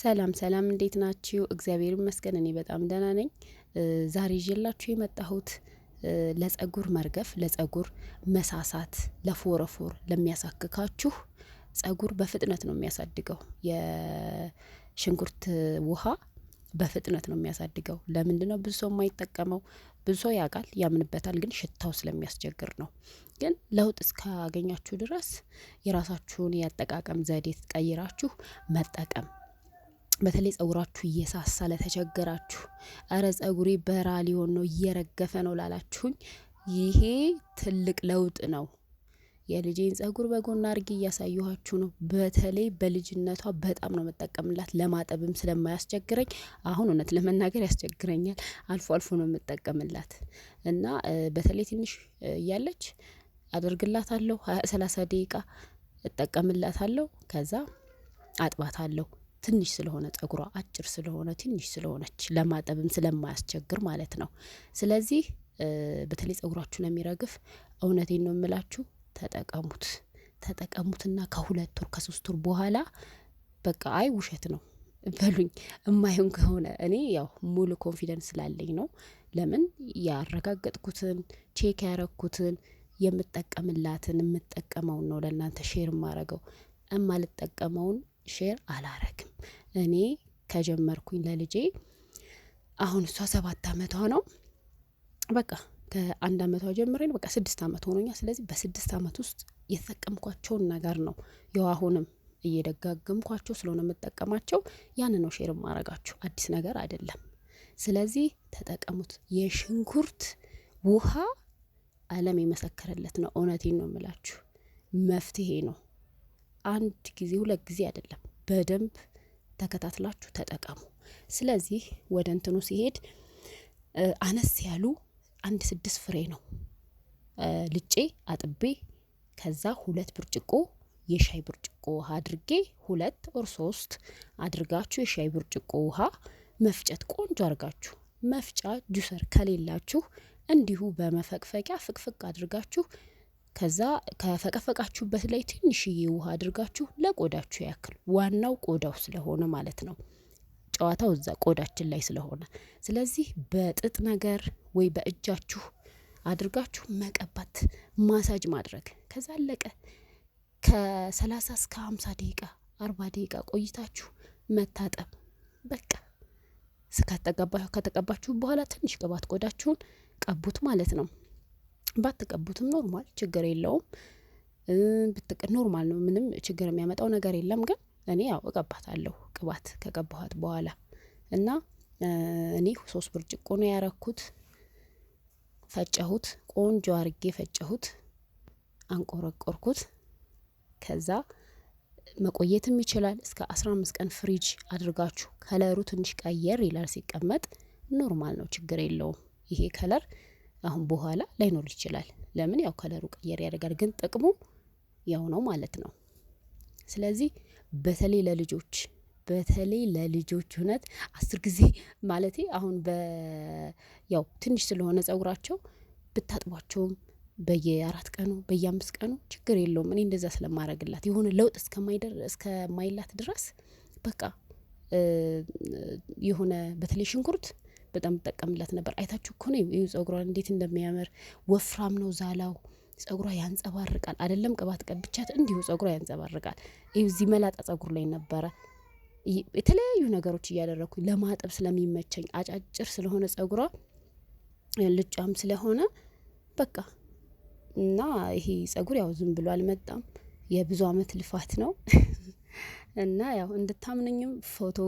ሰላም ሰላም፣ እንዴት ናችሁ? እግዚአብሔር ይመስገን እኔ በጣም ደህና ነኝ። ዛሬ ይዤላችሁ የመጣሁት ለጸጉር መርገፍ፣ ለጸጉር መሳሳት፣ ለፎረፎር ለሚያሳክካችሁ ጸጉር በፍጥነት ነው የሚያሳድገው። የሽንኩርት ውሃ በፍጥነት ነው የሚያሳድገው። ለምንድን ነው ብዙ ሰው የማይጠቀመው? ብዙ ሰው ያውቃል፣ ያምንበታል፣ ግን ሽታው ስለሚያስቸግር ነው። ግን ለውጥ እስካገኛችሁ ድረስ የራሳችሁን የአጠቃቀም ዘዴ ትቀይራችሁ መጠቀም በተለይ ጸጉራችሁ እየሳሳ ለተቸገራችሁ፣ እረ ጸጉሬ በራ ሊሆን ነው እየረገፈ ነው ላላችሁኝ ይሄ ትልቅ ለውጥ ነው። የልጄን ጸጉር በጎን አድርጌ እያሳየኋችሁ ነው። በተለይ በልጅነቷ በጣም ነው የምጠቀምላት ለማጠብም ስለማያስቸግረኝ አሁን እውነት ለመናገር ያስቸግረኛል፣ አልፎ አልፎ ነው የምጠቀምላት እና በተለይ ትንሽ እያለች አደርግላታለሁ፣ ሰላሳ ደቂቃ እጠቀምላታለሁ፣ ከዛ አጥባታለሁ። ትንሽ ስለሆነ ጸጉሯ አጭር ስለሆነ ትንሽ ስለሆነች ለማጠብም ስለማያስቸግር ማለት ነው። ስለዚህ በተለይ ጸጉሯችሁን የሚረግፍ እውነቴን ነው የምላችሁ ተጠቀሙት ተጠቀሙትና ከሁለት ወር ከሶስት ወር በኋላ በቃ አይ ውሸት ነው በሉኝ እማይሆን ከሆነ እኔ ያው ሙሉ ኮንፊደንስ ስላለኝ ነው። ለምን ያረጋገጥኩትን ቼክ ያረግኩትን የምጠቀምላትን የምጠቀመውን ነው ለእናንተ ሼር የማረገው እማልጠቀመውን ሼር አላረግም። እኔ ከጀመርኩኝ ለልጄ አሁን እሷ ሰባት አመቷ ነው። በቃ ከአንድ አመቷ ጀምሬ በቃ ስድስት አመት ሆኖኛል። ስለዚህ በስድስት አመት ውስጥ የተጠቀምኳቸውን ነገር ነው ያው አሁንም እየደጋገምኳቸው ስለሆነ የምጠቀማቸው ያን ነው ሼር ማረጋችሁ አዲስ ነገር አይደለም። ስለዚህ ተጠቀሙት። የሽንኩርት ውሃ ዓለም የመሰከረለት ነው። እውነቴን ነው የምላችሁ፣ መፍትሄ ነው። አንድ ጊዜ ሁለት ጊዜ አይደለም፣ በደንብ ተከታትላችሁ ተጠቀሙ። ስለዚህ ወደ እንትኑ ሲሄድ አነስ ያሉ አንድ ስድስት ፍሬ ነው ልጬ አጥቤ ከዛ ሁለት ብርጭቆ የሻይ ብርጭቆ ውሃ አድርጌ ሁለት ኦር ሶስት አድርጋችሁ የሻይ ብርጭቆ ውሃ መፍጨት ቆንጆ አድርጋችሁ መፍጫ ጁሰር ከሌላችሁ እንዲሁ በመፈቅፈቂያ ፍቅፍቅ አድርጋችሁ ከዛ ከፈቀፈቃችሁበት ላይ ትንሽዬ ውሃ አድርጋችሁ ለቆዳችሁ ያክል ዋናው ቆዳው ስለሆነ ማለት ነው። ጨዋታው እዛ ቆዳችን ላይ ስለሆነ ስለዚህ በጥጥ ነገር ወይ በእጃችሁ አድርጋችሁ መቀባት ማሳጅ ማድረግ ከዛ አለቀ። ከሰላሳ እስከ ሃምሳ ደቂቃ አርባ ደቂቃ ቆይታችሁ መታጠብ በቃ ከተቀባችሁ በኋላ ትንሽ ቅባት ቆዳችሁን ቀቡት ማለት ነው ባትቀቡትም ኖርማል ችግር የለውም። ብትቅ ኖርማል ነው ምንም ችግር የሚያመጣው ነገር የለም። ግን እኔ ያው እቀባታለሁ ቅባት ከቀባኋት በኋላ እና እኔ ሶስት ብርጭቆ ነው ያረኩት። ፈጨሁት ቆንጆ አርጌ ፈጨሁት አንቆረቆርኩት። ከዛ መቆየትም ይችላል እስከ አስራ አምስት ቀን ፍሪጅ አድርጋችሁ ከለሩ ትንሽ ቀየር ይላል ሲቀመጥ ኖርማል ነው ችግር የለውም። ይሄ ከለር አሁን በኋላ ላይኖር ይችላል። ለምን ያው ከለሩ ቀየር ያደርጋል ግን ጥቅሙ ያው ነው ማለት ነው። ስለዚህ በተለይ ለልጆች በተለይ ለልጆች እውነት አስር ጊዜ ማለት አሁን ያው ትንሽ ስለሆነ ፀጉራቸው ብታጥቧቸውም በየአራት ቀኑ በየአምስት ቀኑ ችግር የለውም። እኔ እንደዛ ስለማረግላት የሆነ ለውጥ እስከማይደር እስከማይላት ድረስ በቃ የሆነ በተለይ ሽንኩርት በጣም እጠቀምላት ነበር። አይታችሁ እኮ ነው ይህ ጸጉሯን እንዴት እንደሚያምር ወፍራም ነው ዛላው ጸጉሯ ያንጸባርቃል። አይደለም ቅባት ቀብቻት እንዲሁ ጸጉሯ ያንጸባርቃል። ይህ እዚህ መላጣ ጸጉር ላይ ነበረ የተለያዩ ነገሮች እያደረግኩ ለማጠብ ስለሚመቸኝ አጫጭር ስለሆነ ጸጉሯ ልጫም ስለሆነ በቃ እና ይሄ ጸጉር ያው ዝም ብሎ አልመጣም፣ የብዙ አመት ልፋት ነው እና ያው እንድታምነኝም ፎቶ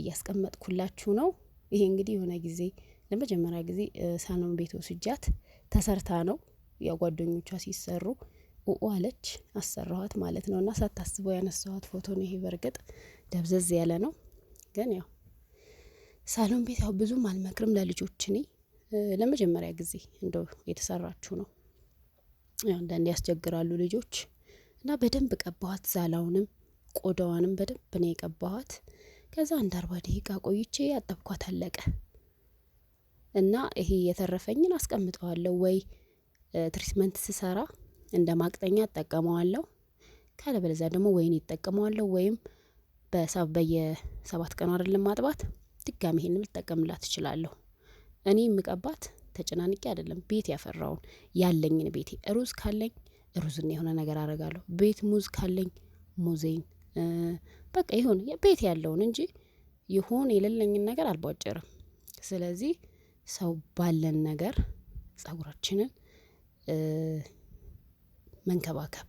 እያስቀመጥኩላችሁ ነው። ይሄ እንግዲህ የሆነ ጊዜ ለመጀመሪያ ጊዜ ሳሎን ቤት ወስጃት ተሰርታ ነው የጓደኞቿ ጓደኞቿ ሲሰሩ ኡኡ አለች አሰራኋት ማለት ነው። እና ሳታስበው ያነሳኋት ፎቶ ነው ይሄ። በእርግጥ ደብዘዝ ያለ ነው፣ ግን ያው ሳሎን ቤት ያው ብዙም አልመክርም ለልጆች። እኔ ለመጀመሪያ ጊዜ እንደ የተሰራችሁ ነው። አንዳንድ ያስቸግራሉ ልጆች እና በደንብ ቀባኋት። ዛላውንም ቆዳዋንም በደንብ ነው የቀባኋት። ከዛ አንድ አርባ ደቂቃ ቆይቼ አጠብኳት አለቀ። እና ይሄ የተረፈኝን አስቀምጠዋለሁ ወይ ትሪትመንት ስሰራ እንደ ማቅጠኛ እጠቀመዋለሁ። ካለበለዛ ደግሞ ወይን ይጠቀመዋለሁ ወይም በየሰባት ቀኑ አይደለም ማጥባት ድጋሚ ይሄንን ልጠቀምላት እችላለሁ። እኔ የምቀባት ተጨናንቄ አይደለም ቤት ያፈራውን ያለኝን ቤቴ ሩዝ ካለኝ ሩዝና የሆነ ነገር አረጋለሁ። ቤት ሙዝ ካለኝ ሙዜን በቃ ይሁን ቤት ያለውን እንጂ ይሁን የሌለኝን ነገር አልቧጭርም። ስለዚህ ሰው ባለን ነገር ፀጉራችንን መንከባከብ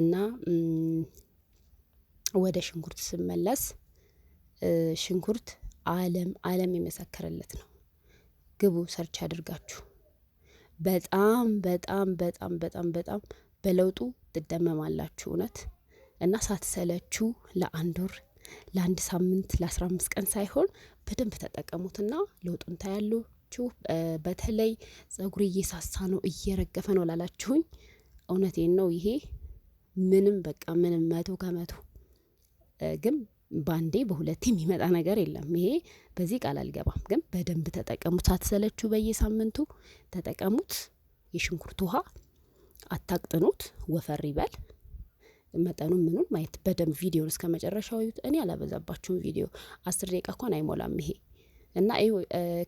እና ወደ ሽንኩርት ስመለስ ሽንኩርት አለም አለም የመሰከረለት ነው። ግቡ ሰርች አድርጋችሁ በጣም በጣም በጣም በጣም በጣም በለውጡ ትደመማላችሁ እውነት እና ሳትሰለቹ ለአንድ ወር ለአንድ ሳምንት ለአስራ አምስት ቀን ሳይሆን በደንብ ተጠቀሙትና ለውጡን ታያላችሁ። በተለይ ፀጉሬ እየሳሳ ነው እየረገፈ ነው ላላችሁኝ እውነቴን ነው ይሄ ምንም በቃ ምንም መቶ ከመቶ ግን በአንዴ በሁለቴ የሚመጣ ነገር የለም። ይሄ በዚህ ቃል አልገባም። ግን በደንብ ተጠቀሙት ሳትሰለችሁ በየሳምንቱ ተጠቀሙት። የሽንኩርት ውሃ አታቅጥኑት፣ ወፈር ይበል መጠኑ ምኑን ማየት በደንብ ቪዲዮን እስከ መጨረሻው እዩት። እኔ አላበዛባችሁም። ቪዲዮ አስር ደቂቃ እንኳን አይሞላም ይሄ እና ይ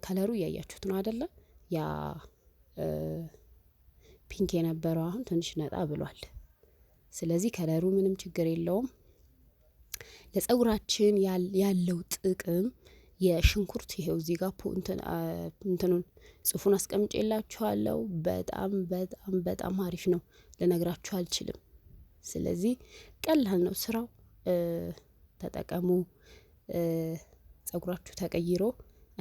ከለሩ እያያችሁት ነው አደለ? ያ ፒንክ የነበረው አሁን ትንሽ ነጣ ብሏል። ስለዚህ ከለሩ ምንም ችግር የለውም። ለጸጉራችን ያለው ጥቅም የሽንኩርት ይሄው እዚህ ጋር እንትኑን ጽሁፉን አስቀምጬላችኋለሁ። በጣም በጣም በጣም አሪፍ ነው፣ ልነግራችሁ አልችልም። ስለዚህ ቀላል ነው ስራው። ተጠቀሙ። ፀጉራችሁ ተቀይሮ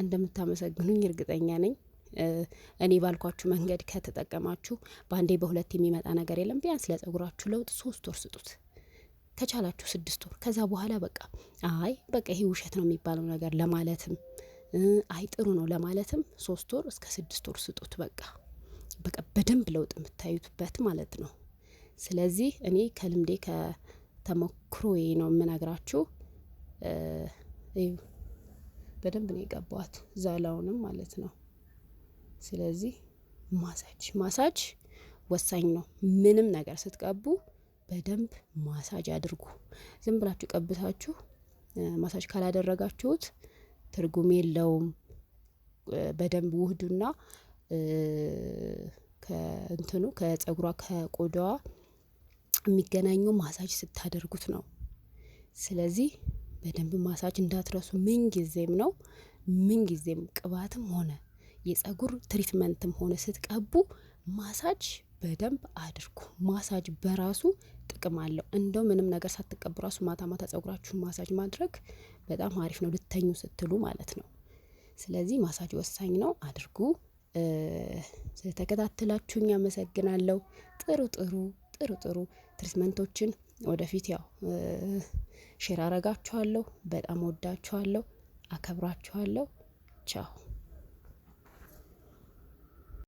እንደምታመሰግኑኝ እርግጠኛ ነኝ። እኔ ባልኳችሁ መንገድ ከተጠቀማችሁ በአንዴ በሁለት የሚመጣ ነገር የለም። ቢያንስ ለፀጉራችሁ ለውጥ ሶስት ወር ስጡት። ከቻላችሁ ስድስት ወር ከዛ በኋላ በቃ አይ በቃ ይሄ ውሸት ነው የሚባለው ነገር ለማለትም አይ ጥሩ ነው ለማለትም ሶስት ወር እስከ ስድስት ወር ስጡት። በቃ በቃ በደንብ ለውጥ የምታዩትበት ማለት ነው ስለዚህ እኔ ከልምዴ ከተሞክሮዬ ነው የምነግራችሁ። በደንብ ነው የቀባኋት ዛላውንም ማለት ነው። ስለዚህ ማሳጅ ማሳጅ ወሳኝ ነው። ምንም ነገር ስትቀቡ በደንብ ማሳጅ አድርጉ። ዝም ብላችሁ ቀብታችሁ ማሳጅ ካላደረጋችሁት ትርጉም የለውም። በደንብ ውህዱና ከእንትኑ ከጸጉሯ ከቆዳዋ የሚገናኙ ማሳጅ ስታደርጉት ነው። ስለዚህ በደንብ ማሳጅ እንዳትረሱ ምን ጊዜም ነው ምን ጊዜም ቅባትም ሆነ የፀጉር ትሪትመንትም ሆነ ስትቀቡ ማሳጅ በደንብ አድርጉ። ማሳጅ በራሱ ጥቅም አለው። እንደው ምንም ነገር ሳትቀቡ ራሱ ማታ ማታ ጸጉራችሁን ማሳጅ ማድረግ በጣም አሪፍ ነው፣ ልተኙ ስትሉ ማለት ነው። ስለዚህ ማሳጅ ወሳኝ ነው፣ አድርጉ። ስለተከታተላችሁኝ አመሰግናለሁ። ጥሩ ጥሩ ጥሩ ጥሩ ትሪትመንቶችን ወደፊት ያው ሼር አረጋችኋለሁ። በጣም ወዳችኋለሁ፣ አከብራችኋለሁ። ቻው